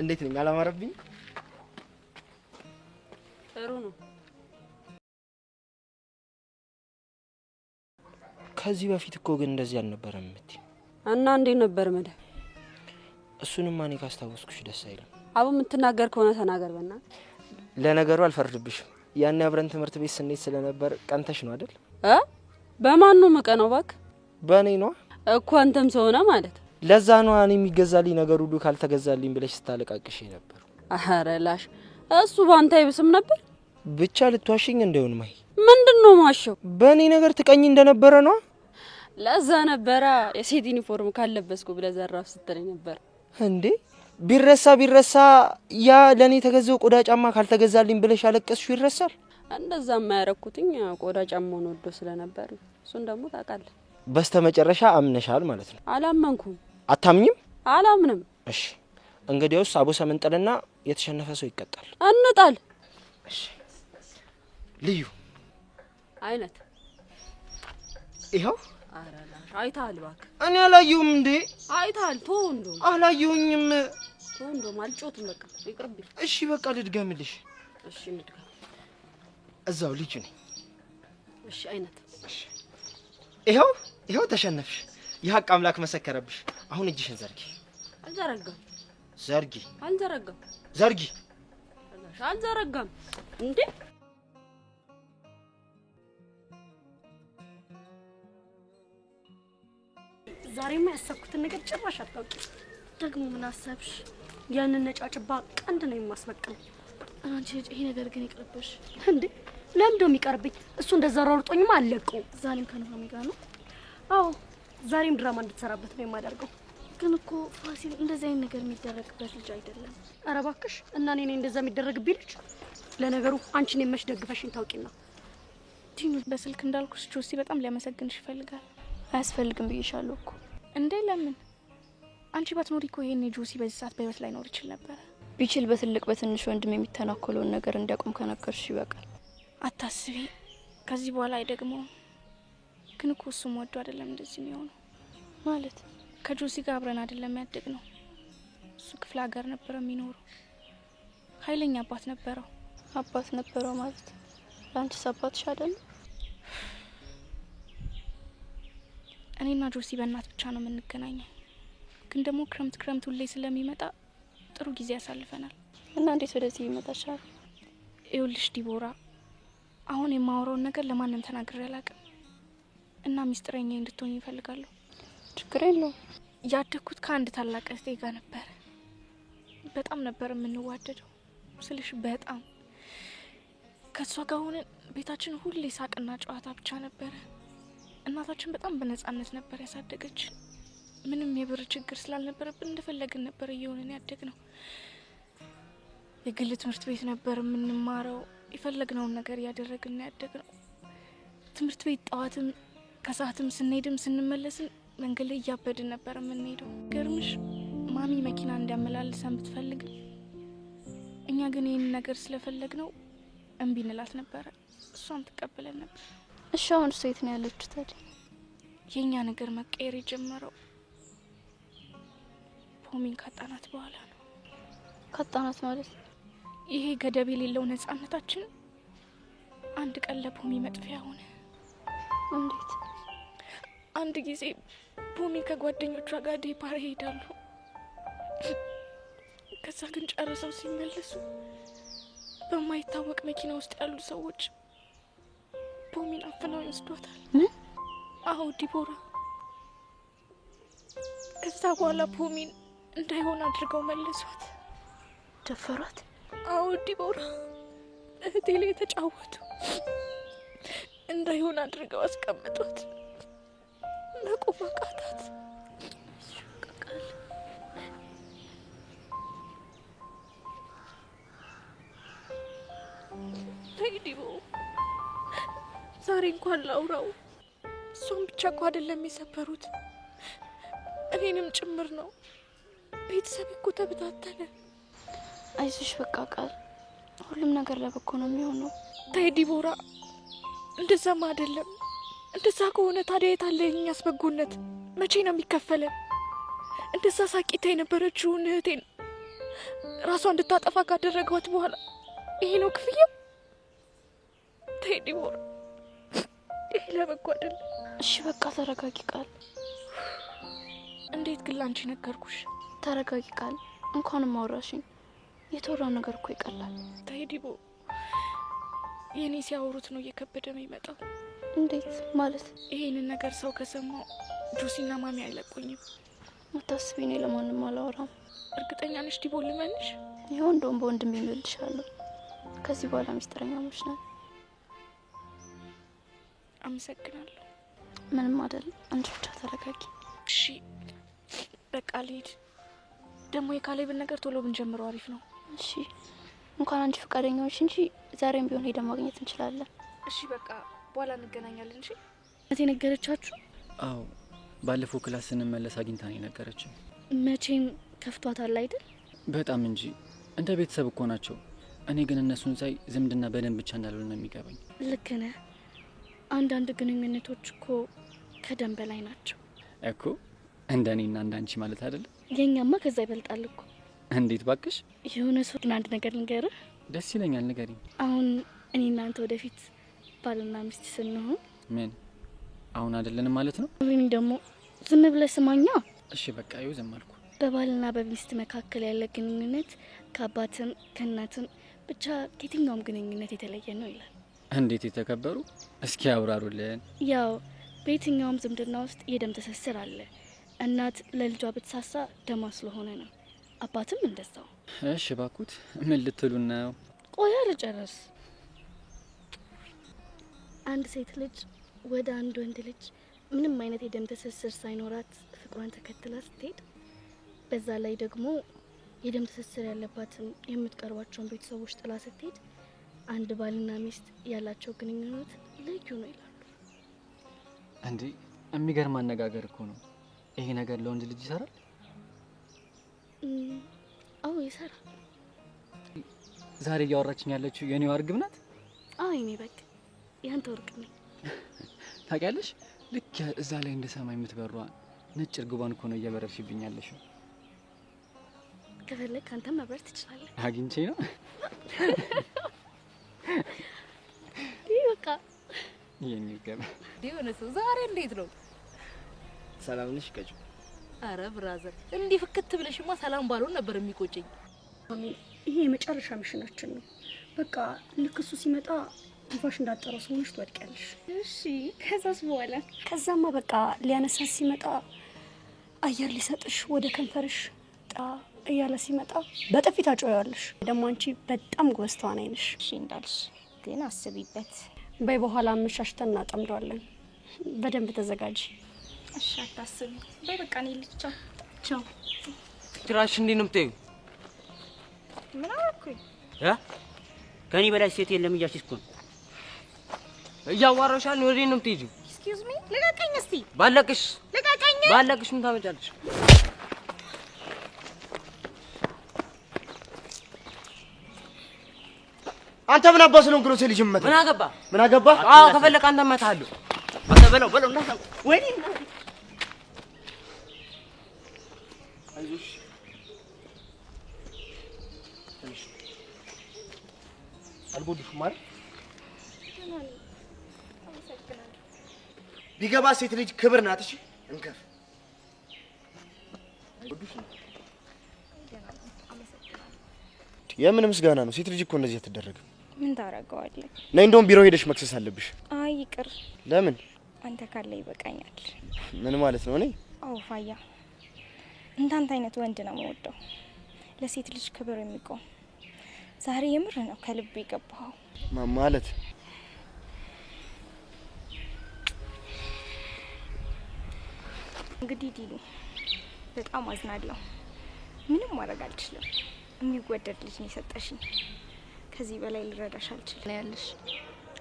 እንዴት ነኝ? አላማረብኝ? ጥሩ ነው። ከዚህ በፊት እኮ ግን እንደዚህ አልነበረም የምትይ እና እንዴት ነበር መደ እሱንማ እኔ ካስታወስኩሽ ደስ አይልም። አቡ የምትናገር ከሆነ ተናገር በና። ለነገሩ አልፈርድብሽም። ያኔ አብረን ትምህርት ቤት ስንሄድ ስለነበር ቀንተሽ ነው አይደል? በማን ነው መቀነው? እባክህ በእኔ ነዋ እኮ አንተም ሰሆነ ማለት ለዛ ነው እኔ የሚገዛልኝ ነገር ሁሉ ካልተገዛልኝ ብለሽ ስታለቃቅሽ ነበር። አረ ላሽ እሱ ባንተ አይብስም ነበር። ብቻ ልትዋሽኝ እንደሆን ማይ ምንድን ነው ማሸው? በእኔ ነገር ትቀኝ እንደነበረ ነው። ለዛ ነበራ የሴት ዩኒፎርም ካለበስኩ ብለህ ዘራፍ ስትለኝ ነበር እንዴ። ቢረሳ ቢረሳ ያ ለእኔ የተገዛው ቆዳ ጫማ ካልተገዛልኝ ብለሽ አለቀስሹ ይረሳል። እንደዛ የማያረኩትኝ ቆዳ ጫማውን ወዶ ስለነበር እሱን ደግሞ ታውቃለህ። በስተ መጨረሻ አምነሻል ማለት ነው። አላመንኩም አታምኝም? አላምንም። እሺ እንግዲያውስ አቦሰ ምንጥልና የተሸነፈ ሰው ይቀጣል። እንጣል። እሺ ልዩ አይነት ይኸው አይተሃል? እባክህ እኔ አላየሁም። እንዴ አይተሃል? ቶ እንዶ አላየሁኝም። ቶ እንዶ አልጮትም። በቃ ይቅርብኝ። እሺ በቃ ልድገምልሽ። እሺ እንድገም። እዛው ልጅ ነኝ። እሺ አይነት እሺ ይኸው ይኸው ተሸነፍሽ። የሀቅ አምላክ መሰከረብሽ። አሁን እጅሽን ዘርጊ። አልዘረጋም። ዘርጊ። አልዘረጋም። ዘርጊ። አልዘረጋም። እንዴ ዛሬማ ያሰብኩትን ነገር ጭራሽ አታውቂም። ደግሞ ምን አሰብሽ? ያንን ነጫጭባ ቀንድ ነው የማስበቅለው አንቺ ልጅ ይሄ ነገር ግን ይቅርብሽ። እንዴ ለምን የሚቀርብኝ? እሱ እንደዛ ሮርጦኝማ አለቀው። ዛሬም ከኑሃሚ ጋር ነው? አዎ ዛሬም ድራማ እንድትሰራበት ነው የማደርገው። ግን እኮ ፋሲል እንደዚህ አይነት ነገር የሚደረግበት ልጅ አይደለም። ኧረ እባክሽ እና እኔ እንደዛ የሚደረግብኝ ልጅ። ለነገሩ አንቺን የመሽ ደግፈሽኝ ታውቂና። ቲኑ በስልክ እንዳልኩሽ ጆሲ በጣም ሊያመሰግንሽ ይፈልጋል። አያስፈልግም ብዬሻለሁ እኮ። እንዴ ለምን? አንቺ ባትኖሪ እኮ ይሄን ጆሲ በዚህ ሰዓት በህይወት ኖር ይችል ነበረ። ቢችል በትልቅ በትንሽ ወንድም የሚተናኮለውን ነገር እንዲያቆም ከነገርሽ ይበቃል። አታስቢ፣ ከዚህ በኋላ አይደግመውም። ግን እኮ እሱም ወዶ አይደለም እንደዚህ የሚሆነው። ማለት ከጆሲ ጋር አብረን አይደለም ያደግ ነው። እሱ ክፍለ ሀገር ነበረ የሚኖረው። ኃይለኛ አባት ነበረው። አባት ነበረው ማለት ለአንቺስ አባትሽ አይደለም? እኔና ጆሲ በእናት ብቻ ነው የምንገናኘው። ግን ደግሞ ክረምት ክረምት ሁሌ ስለሚመጣ ጥሩ ጊዜ ያሳልፈናል። እና እንዴት ወደዚህ ይመጣሻል? ይኸውልሽ ዲቦራ፣ አሁን የማወራውን ነገር ለማንም ተናግሬ አላውቅም። እና ሚስጥረኛ እንድትሆኝ ይፈልጋለሁ። ችግር የለው። ያደግኩት ከአንድ ታላቅ እህቴ ጋር ነበር። በጣም ነበር የምንዋደደው ስልሽ በጣም ከእሷ ጋር ሆነን ቤታችን ሁሌ ሳቅና ጨዋታ ብቻ ነበረ። እናታችን በጣም በነጻነት ነበር ያሳደገች። ምንም የብር ችግር ስላልነበረብን እንደፈለግን ነበር እየሆንን ያደግ ነው። የግል ትምህርት ቤት ነበር የምንማረው። የፈለግነውን ነገር እያደረግን ያደግ ነው። ትምህርት ቤት ጠዋትም ከሰዓትም ስንሄድም ስንመለስም መንገድ ላይ እያበድን ነበር የምንሄደው። ገርምሽ ማሚ መኪና እንዲያመላልሰን ብትፈልግም እኛ ግን ይህን ነገር ስለፈለግ ነው እምቢ እንላት ነበረ። እሷም ትቀበለን ነበር። እሺ አሁን እሷ የት ነው ያለችው ታዲያ? የእኛ ነገር መቀየር የጀመረው ፖሚን ካጣናት በኋላ ነው። ካጣናት ማለት ይሄ ገደብ የሌለው ነጻነታችን አንድ ቀን ለፖሚ መጥፊያ ሆነ። እንዴት አንድ ጊዜ ቡሚ ከጓደኞቿ ጋር ዴፓር ይሄዳሉ። ከዛ ግን ጨርሰው ሲመለሱ በማይታወቅ መኪና ውስጥ ያሉ ሰዎች ቡሚን አፍነው ይወስዷታል። አዎ ዲቦራ። ከዛ በኋላ ቡሚን እንዳይሆን አድርገው መለሷት። ደፈሯት? አዎ ዲቦራ፣ እህቴ ላይ የተጫወቱ እንዳይሆን አድርገው አስቀምጧት። መቆም አቃታት። ሬዲዮ ዛሬ እንኳን ላውራው። እሷም ብቻ እኮ አይደለም የሰበሩት እኔንም ጭምር ነው። ቤተሰብ እኮ ተበታተነ። አይዞሽ በቃ ቃል፣ ሁሉም ነገር ለበጎ ነው የሚሆነው። ተይ ዲቦራ፣ እንደዛም አይደለም እንደዛ ከሆነ ታዲያ የታለ የእኛስ በጎነት? መቼ ነው የሚከፈለን? እንደዛ ሳቂታ የነበረችውን እህቴን ራሷ እንድታጠፋ ካደረገዋት በኋላ ይሄ ነው ክፍያ? ቴዲሞር፣ ይሄ ለበጎ አይደለም። እሺ በቃ ተረጋጊ ቃል። እንዴት ግን ላንቺ ነገርኩሽ። ተረጋጊ ቃል፣ እንኳንም አወራሽኝ። የተወራው ነገር እኮ ይቀላል። ቴዲቦ፣ የእኔ ሲያወሩት ነው እየከበደ ነው ይመጣው እንዴት ማለት? ይሄንን ነገር ሰው ከሰማው ጆሲና ማሚ አይለቁኝም። አታስቢ፣ እኔ ለማንም አላወራም። እርግጠኛ ነሽ? ዲቦ ልመንሽ ይኸው፣ እንደውም በወንድም እምልሻለሁ። ከዚህ በኋላ ሚስጥረኛሞች ነን። አመሰግናለሁ። ምንም አደል አንቺ ብቻ ተረጋጊ እሺ? በቃ ልሂድ። ደግሞ የካሌብን ነገር ቶሎ ብንጀምረው አሪፍ ነው። እሺ እንኳን አንቺ ፈቃደኛዎች እንጂ ዛሬም ቢሆን ሄደን ማግኘት እንችላለን። እሺ በቃ በኋላ እንገናኛለን። እሺ እቴ ነገረቻችሁ? አዎ ባለፈው ክላስ ስንመለስ አግኝታ ነው የነገረችን። መቼም ከፍቷታል አይደል? በጣም እንጂ እንደ ቤተሰብ እኮ ናቸው። እኔ ግን እነሱን ሳይ ዝምድና በደን ብቻ እንዳልሆነ የሚገባኝ። ልክ ነህ። አንዳንድ ግንኙነቶች እኮ ከደን በላይ ናቸው እኮ። እንደ እኔና እንደ አንቺ ማለት አይደለም። የኛማ ከዛ ይበልጣል እኮ። እንዴት ባክሽ! የሆነ ሰው አንድ ነገር ልንገርህ። ደስ ይለኛል። ንገሪኝ። አሁን እኔ እናንተ ወደፊት ባልና ሚስት ስንሆን ምን አሁን አይደለንም ማለት ነው? ወይም ደግሞ ዝም ብለህ ስማኛ። እሺ በቃ ይኸው ዝም አልኩ። በባልና በሚስት መካከል ያለ ግንኙነት ከአባትም ከእናትም ብቻ ከየትኛውም ግንኙነት የተለየ ነው ይላል። እንዴት የተከበሩ እስኪ ያብራሩልን። ያው በየትኛውም ዝምድና ውስጥ የደም ትስስር አለ። እናት ለልጇ ብትሳሳ ደማ ስለሆነ ነው፣ አባትም እንደዛው። እሺ ባኩት ምን ልትሉ ነው? ቆያ ልጨርስ አንድ ሴት ልጅ ወደ አንድ ወንድ ልጅ ምንም አይነት የደም ትስስር ሳይኖራት ፍቅሯን ተከትላ ስትሄድ፣ በዛ ላይ ደግሞ የደም ትስስር ያለባትን የምትቀርባቸውን ቤተሰቦች ጥላ ስትሄድ፣ አንድ ባልና ሚስት ያላቸው ግንኙነት ልዩ ነው ይላሉ። እንዴ የሚገርም አነጋገር እኮ ነው። ይሄ ነገር ለወንድ ልጅ ይሰራል? አዎ ይሰራል። ዛሬ እያወራችን ያለችው የኔው እርግብ ናት። አዎ የኔ በግ ያንተ ወርቅ ነኝ። ታውቂያለሽ፣ ልክ እዛ ላይ እንደ ሰማይ የምትበሯ ነጭ እርግቧን እኮ ነው እያበረብሽብኝ ያለሽው። ከፈለግ አንተ መብረር ትችላለህ። አግኝቼ ነው ይህ በቃ የሚገባ ሆነ ሰው ዛሬ እንዴት ነው? ሰላም ነሽ? ቀጭ አረ ብራዘር፣ እንዲህ ፍክት ብለሽማ ሰላም ባልሆን ነበር የሚቆጨኝ። ይሄ የመጨረሻ ምሽናችን ነው። በቃ ልክ እሱ ሲመጣ ንፋሽ እንዳጠረው ሰውነሽ ትወድቂያለሽ። እሺ፣ ከዛስ በኋላ? ከዛማ በቃ ሊያነሳት ሲመጣ አየር ሊሰጥሽ ወደ ከንፈርሽ ጣ እያለ ሲመጣ በጥፊ ታጮዋለሽ። ደግሞ አንቺ በጣም ጎበዝ ተዋናይ ነሽ። እሺ፣ እንዳልሽ ግን አስቢበት በይ። በኋላ አመሻሽተን እናጠምደዋለን። በደንብ ተዘጋጅ። እሺ፣ አታስቢ በይ። በቃ እኔ ልቻ ቻው። ትራሽ እንዴት ነው የምታይው? ምን አልኩኝ? ከእኔ በላይ ሴት የለም እያልሽ እኮ ነው እያዋራሻል ወዴ ነው የምትሄጂው? ኤክስኪውዝ ሚ ልቀቀኝ፣ እስቲ ባለቅሽ፣ ልቀቀኝ። ባለቅሽ ምን ታመጫለሽ? አንተ ምን አባስ ነው ነው ልጅ መጣ። ምን አገባ ምን አገባ? አዎ ከፈለክ አንተ መታሃለሁ። አንተ በለው በለው። ወይኔ አይዞሽ አልጎድሽም አይደል? ቢገባ ሴት ልጅ ክብር ናት። እሺ እንከፍ የምን ምስጋና ነው? ሴት ልጅ እኮ እንደዚህ አትደረግም። ምን ታደርገዋለህ? ነይ እንደውም ቢሮ ሄደሽ መክሰስ አለብሽ። አይ ይቅር። ለምን? አንተ ካለ ይበቃኛል። ምን ማለት ነው? እኔ አዎ፣ ፋያ እንዳንተ አይነት ወንድ ነው የምወደው፣ ለሴት ልጅ ክብር የሚቆም ዛሬ የምር ነው ከልብ የገባኸው ማለት እንግዲህ ዲዲ በጣም አዝናለሁ። ምንም ማድረግ አልችልም። የሚወደድ ልጅ ነው የሰጠሽኝ። ከዚህ በላይ ልረዳሽ አልችልም ያለሽ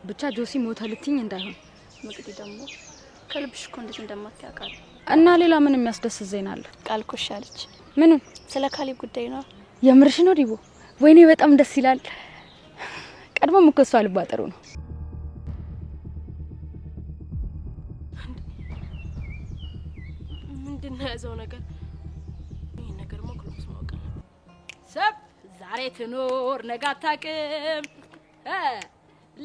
ብቻ ጆሲ ሞተ ልትኝ እንዳይሆን። መቅዲ ደግሞ ከልብሽ እኮ እንዴት እንደማትያውቃል እና ሌላ ምን የሚያስደስት ዜና አለ? ቃል አለች። ምንም ስለ ካሌብ ጉዳይ ነው። የምርሽ ነው ዲቦ? ወይኔ በጣም ደስ ይላል። ቀድሞም እኮ እሷ ልባጠሩ ነው የምንያዘው ነገር ይህን ነገር ሞክሎስ ማወቅ ሰብ ዛሬ ትኖር ነገ አታውቅም።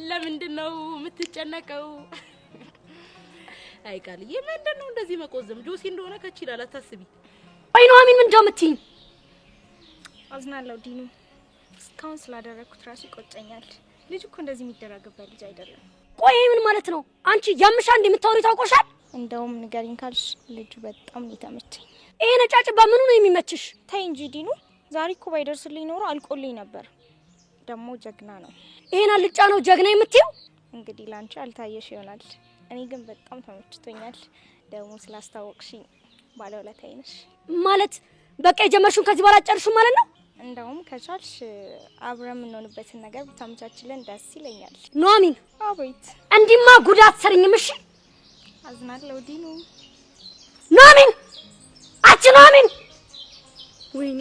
ለምንድን ነው የምትጨነቀው? አይ ቃልዬ፣ ምንድን ነው እንደዚህ መቆዘም? ጆሲ እንደሆነ ከች ይላል። አታስቢ። አይ ነው አሚን፣ ምንድነው የምትይኝ? አዝናለሁ ዲኑ፣ እስካሁን ስላደረግኩት ራሱ ይቆጨኛል። ልጅ እኮ እንደዚህ የሚደራግበት ልጅ አይደለም። ቆይ ምን ማለት ነው? አንቺ ያምሻ እንደ የምታወሪ ታውቆሻል እንደውም ንገሪኝ ካልሽ ልጁ በጣም ነው የተመቸኝ። ይሄ ነጫጭ በምኑ ነው የሚመችሽ? ተይ እንጂ ዲኑ፣ ዛሬ እኮ ባይደርስልኝ ኖሮ አልቆልኝ ነበር። ደግሞ ጀግና ነው። ይሄን አልጫ ነው ጀግና የምትይው? እንግዲህ ላንቺ አልታየሽ ይሆናል። እኔ ግን በጣም ተመችቶኛል። ደግሞ ስላስታወቅሽኝ ባለውለታዬ ነሽ። ማለት በቃ የጀመርሽውን ከዚህ በኋላ አጨርሽም ማለት ነው? እንደውም ከቻልሽ አብረን የምንሆንበትን ነገር ብታመቻችለን ደስ ይለኛል። ኑሐሚን አቤት። እንዲማ ጉዳት ሰርኝም። እሺ አዝናለሁ። ኖሚን አች ኖሚን ወይኔ